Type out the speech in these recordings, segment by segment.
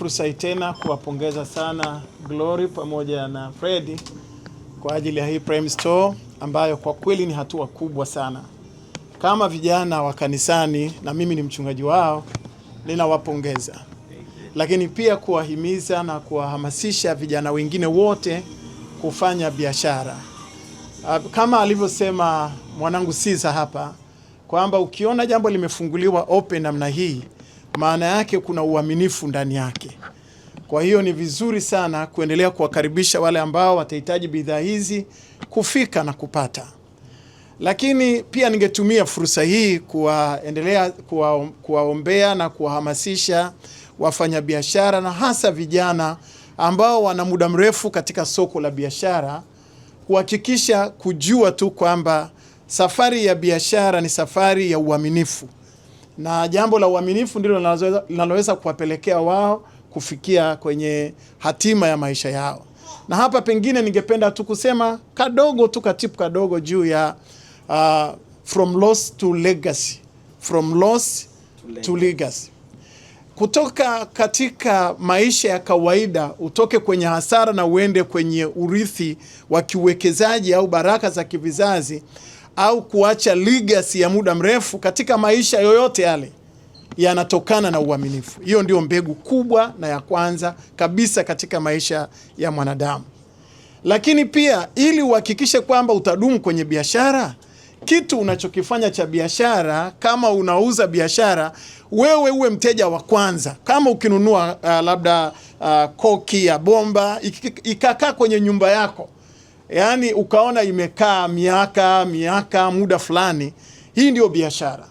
fursa hii tena kuwapongeza sana Glory pamoja na Fred kwa ajili ya hii Prime Store ambayo kwa kweli ni hatua kubwa sana. Kama vijana wa kanisani na mimi ni mchungaji wao, ninawapongeza, lakini pia kuwahimiza na kuwahamasisha vijana wengine wote kufanya biashara ah, kama alivyosema mwanangu Sisa hapa kwamba ukiona jambo limefunguliwa open namna hii maana yake kuna uaminifu ndani yake. Kwa hiyo ni vizuri sana kuendelea kuwakaribisha wale ambao watahitaji bidhaa hizi kufika na kupata. Lakini pia ningetumia fursa hii kuwaendelea kuwaombea na kuwahamasisha wafanyabiashara na hasa vijana ambao wana muda mrefu katika soko la biashara kuhakikisha kujua tu kwamba safari ya biashara ni safari ya uaminifu na jambo la uaminifu ndilo linaloweza kuwapelekea wao kufikia kwenye hatima ya maisha yao. Na hapa pengine ningependa tu kusema kadogo tu katipu kadogo juu ya uh, from loss to legacy, from loss to legacy, kutoka katika maisha ya kawaida utoke kwenye hasara na uende kwenye urithi wa kiuwekezaji au baraka za kivizazi au kuacha legacy ya muda mrefu katika maisha yoyote yale yanatokana na uaminifu. Hiyo ndio mbegu kubwa na ya kwanza kabisa katika maisha ya mwanadamu. Lakini pia ili uhakikishe kwamba utadumu kwenye biashara, kitu unachokifanya cha biashara, kama unauza biashara, wewe uwe mteja wa kwanza. Kama ukinunua uh, labda uh, koki ya bomba ikakaa kwenye nyumba yako yani ukaona imekaa miaka miaka muda fulani. Hii ndio biashara,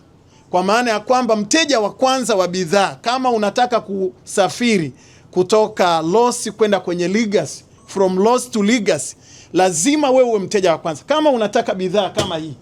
kwa maana ya kwamba mteja wa kwanza wa bidhaa, kama unataka kusafiri kutoka Losi kwenda kwenye Legacy, from Losi to Legacy, lazima wewe uwe mteja wa kwanza. Kama unataka bidhaa kama hii,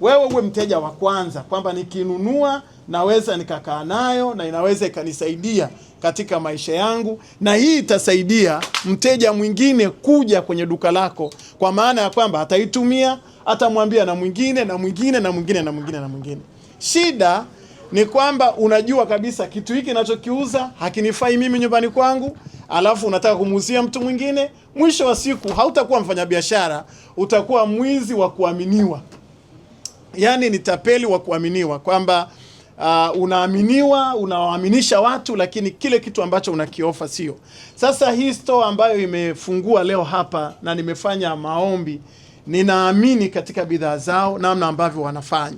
wewe uwe mteja wa kwanza, kwamba nikinunua naweza nikakaa nayo na inaweza ikanisaidia katika maisha yangu, na hii itasaidia mteja mwingine kuja kwenye duka lako kwa maana ya kwamba ataitumia, atamwambia na mwingine na mwingine na mwingine na mwingine na mwingine. Shida ni kwamba unajua kabisa kitu hiki ninachokiuza hakinifai mimi nyumbani kwangu, alafu unataka kumuuzia mtu mwingine. Mwisho wa siku hautakuwa mfanyabiashara, utakuwa mwizi wa kuaminiwa, yaani ni tapeli wa kuaminiwa kwamba uh, unaaminiwa, unawaaminisha watu, lakini kile kitu ambacho unakiofa sio. Sasa hii store ambayo imefungua leo hapa na nimefanya maombi, ninaamini katika bidhaa zao, namna ambavyo wanafanya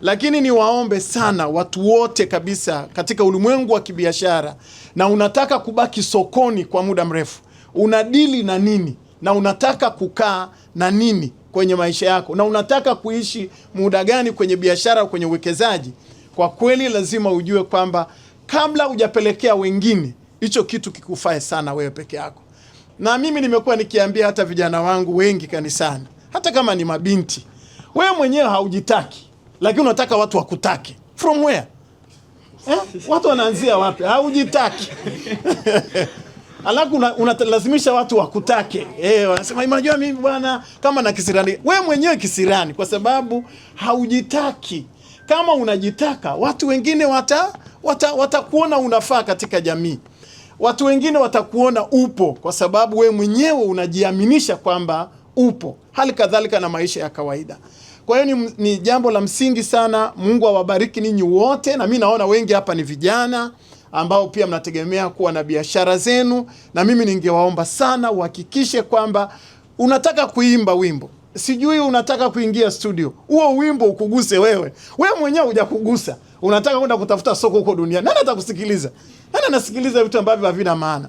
lakini niwaombe sana watu wote kabisa katika ulimwengu wa kibiashara, na unataka kubaki sokoni kwa muda mrefu, unadili na nini, na unataka kukaa na nini kwenye maisha yako, na unataka kuishi muda gani kwenye biashara, kwenye uwekezaji. Kwa kweli lazima ujue kwamba kabla hujapelekea wengine, hicho kitu kikufae sana wewe peke yako. Na mimi nimekuwa nikiambia hata vijana wangu wengi kanisani, hata kama ni mabinti, wewe mwenyewe haujitaki, lakini unataka watu wakutake. From where? Eh? Watu wanaanzia wapi? Haujitaki. Alafu unalazimisha una watu wakutake. Eh, wanasema unajua mimi bwana kama na kisirani. Wewe mwenyewe kisirani kwa sababu haujitaki. Kama unajitaka, watu wengine wata watakuona wata unafaa katika jamii, watu wengine watakuona upo, kwa sababu we mwenyewe unajiaminisha kwamba upo, hali kadhalika na maisha ya kawaida. Kwa hiyo ni, ni jambo la msingi sana. Mungu awabariki ninyi wote, na mi naona wengi hapa ni vijana ambao pia mnategemea kuwa na biashara zenu, na mimi ningewaomba sana uhakikishe kwamba unataka kuimba wimbo sijui unataka kuingia studio, huo wimbo ukuguse wewe, We mwenyewe hujakugusa, unataka kwenda kutafuta soko huko duniani. Nani atakusikiliza? Nani anasikiliza vitu ambavyo havina maana?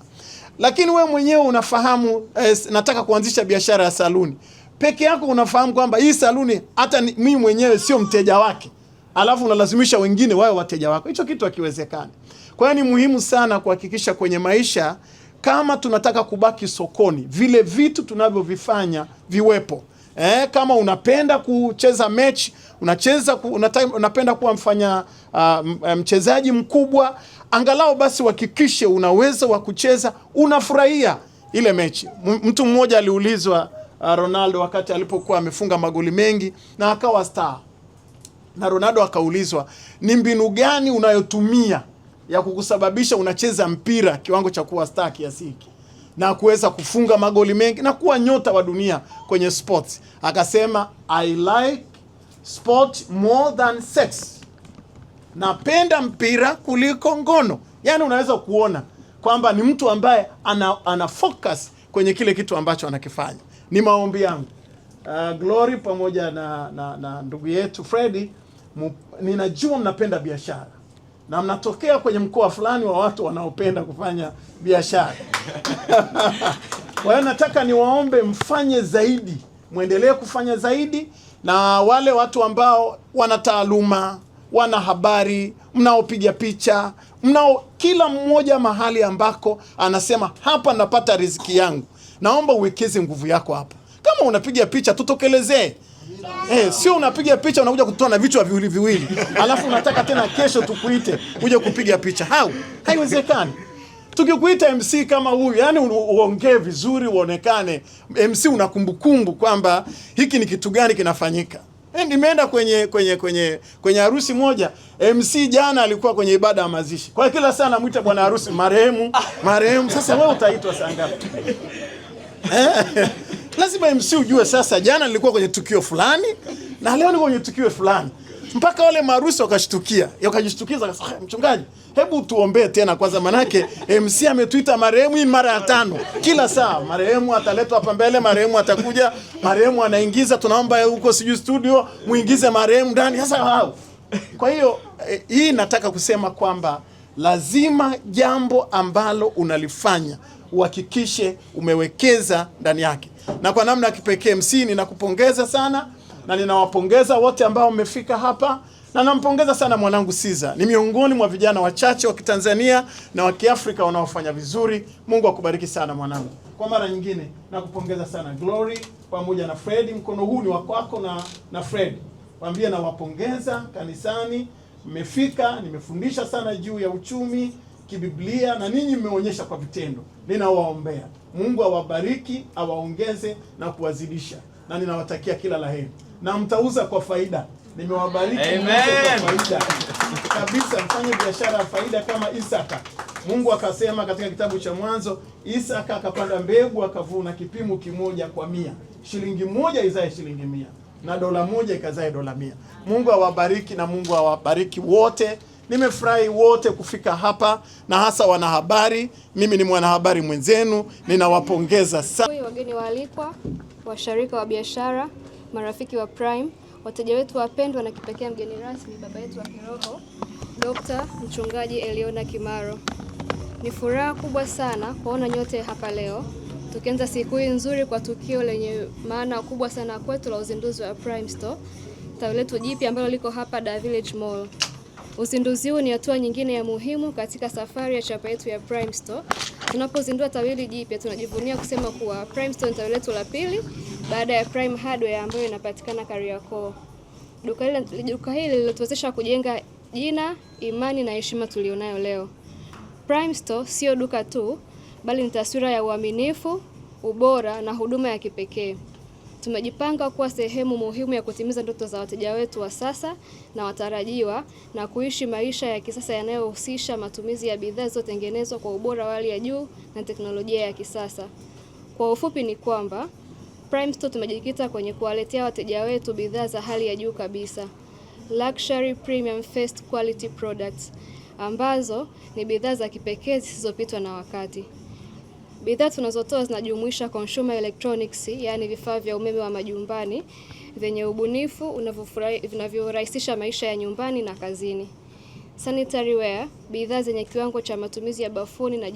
Lakini we mwenyewe unafahamu eh, nataka kuanzisha biashara ya saluni peke yako, unafahamu kwamba hii saluni hata mi mwenyewe sio mteja wake, alafu unalazimisha wengine wawe wateja wako. Hicho kitu hakiwezekani. Kwa hiyo ni muhimu sana kuhakikisha kwenye maisha, kama tunataka kubaki sokoni, vile vitu tunavyovifanya viwepo eh, kama unapenda kucheza mechi unacheza ku, unapenda kuwa mfanya uh, mchezaji mkubwa, angalau basi uhakikishe una uwezo wa kucheza, unafurahia ile mechi. Mtu mmoja aliulizwa uh, Ronaldo wakati alipokuwa amefunga magoli mengi na akawa star, na Ronaldo akaulizwa ni mbinu gani unayotumia ya kukusababisha unacheza mpira kiwango cha kuwa star kiasi hiki? na kuweza kufunga magoli mengi na kuwa nyota wa dunia kwenye sports. Akasema I like sport more than sex, napenda mpira kuliko ngono. Yani unaweza kuona kwamba ni mtu ambaye ana, ana focus kwenye kile kitu ambacho anakifanya. Ni maombi yangu uh, Glory pamoja na, na, na ndugu yetu Freddy, ninajua mnapenda biashara na mnatokea kwenye mkoa fulani wa watu wanaopenda kufanya biashara. Kwa hiyo nataka niwaombe mfanye zaidi, mwendelee kufanya zaidi, na wale watu ambao wana taaluma, wana habari, mnaopiga picha, mnao kila mmoja mahali ambako anasema hapa napata riziki yangu, naomba uwekeze nguvu yako hapa. Kama unapiga picha, tutokelezee. Eh, sio unapiga picha unakuja kutoa na vichwa viwili viwili, alafu unataka tena kesho tukuite uje kupiga picha. Hau, haiwezekani. Tukikuita MC kama huyu, yani uongee vizuri, uonekane MC una kumbukumbu kwamba hiki ni kitu gani kinafanyika. Eh, nimeenda kwenye kwenye kwenye kwenye harusi moja, MC jana alikuwa kwenye ibada ya mazishi, kwa kila saa namuita bwana harusi marehemu, marehemu. Sasa wewe utaitwa saa ngapi? Eh, lazima MC ujue, sasa jana nilikuwa kwenye tukio fulani na leo niko kwenye tukio fulani mpaka wale maarusi wakashtukia, wakajishtukiza, akasema ah, mchungaji, hebu tuombee tena kwanza, manake MC ametuita marehemu mara ya tano. Kila saa marehemu ataletwa hapa mbele, marehemu atakuja, marehemu anaingiza, tunaomba huko sijui studio muingize marehemu ndani. Sasa wao, kwa hiyo eh, hii nataka kusema kwamba lazima jambo ambalo unalifanya uhakikishe umewekeza ndani yake, na kwa namna ya kipekee MC ninakupongeza sana na ninawapongeza wote ambao mmefika hapa, na nampongeza sana mwanangu Siza, ni miongoni mwa vijana wachache wa Kitanzania na wa Kiafrika wanaofanya vizuri. Mungu akubariki sana mwanangu. Kwa mara nyingine nakupongeza sana Glory pamoja na Fred, mkono huu ni wa kwako na, na Fred waambie nawapongeza kanisani, mmefika. Nimefundisha sana juu ya uchumi kibiblia na ninyi mmeonyesha kwa vitendo. Ninawaombea Mungu awabariki awaongeze na kuwazidisha, na ninawatakia kila laheri na mtauza kwa faida. Nimewabariki faida kabisa, mfanye biashara ya faida kama Isaka. Mungu akasema katika kitabu cha Mwanzo, Isaka akapanda mbegu akavuna kipimo kimoja kwa mia, shilingi moja izae shilingi mia na dola moja ikazae dola mia. Mungu awabariki na Mungu awabariki wote. Nimefurahi wote kufika hapa na hasa wanahabari. Mimi ni mwanahabari mwenzenu, ninawapongeza sana wageni waalikwa, washirika wa biashara marafiki wa Prime, wateja wetu wapendwa, na kipekee mgeni rasmi, baba yetu wa kiroho Dr. Mchungaji Eliona Kimaro. Ni furaha kubwa sana kuona nyote hapa leo tukianza siku hii nzuri kwa tukio lenye maana kubwa sana kwetu la uzinduzi wa Prime Store, tawi letu jipya ambalo liko hapa Da Village Mall. Uzinduzi huu ni hatua nyingine ya muhimu katika safari ya chapa yetu ya Prime Store. Tunapozindua tawi hili jipya, tunajivunia kusema kuwa Prime Store ni tawi letu la pili baada ya Prime Hardware ambayo inapatikana Kariakoo. Duka hili duka hili lilotuwezesha kujenga jina, imani na heshima tulionayo leo. Prime Store sio duka tu, bali ni taswira ya uaminifu, ubora na huduma ya kipekee. Tumejipanga kuwa sehemu muhimu ya kutimiza ndoto za wateja wetu wa sasa na watarajiwa na kuishi maisha ya kisasa yanayohusisha matumizi ya bidhaa zilizotengenezwa kwa ubora wa hali ya juu na teknolojia ya kisasa. Kwa ufupi ni kwamba Prime Store tumejikita kwenye kuwaletea wateja wetu bidhaa za hali ya juu kabisa, luxury premium first quality products ambazo ni bidhaa za kipekee zisizopitwa na wakati. Bidhaa tunazotoa zinajumuisha consumer electronics, yaani vifaa vya umeme wa majumbani vyenye ubunifu vinavyorahisisha maisha ya nyumbani na kazini. Sanitary ware, bidhaa zenye kiwango cha matumizi ya bafuni na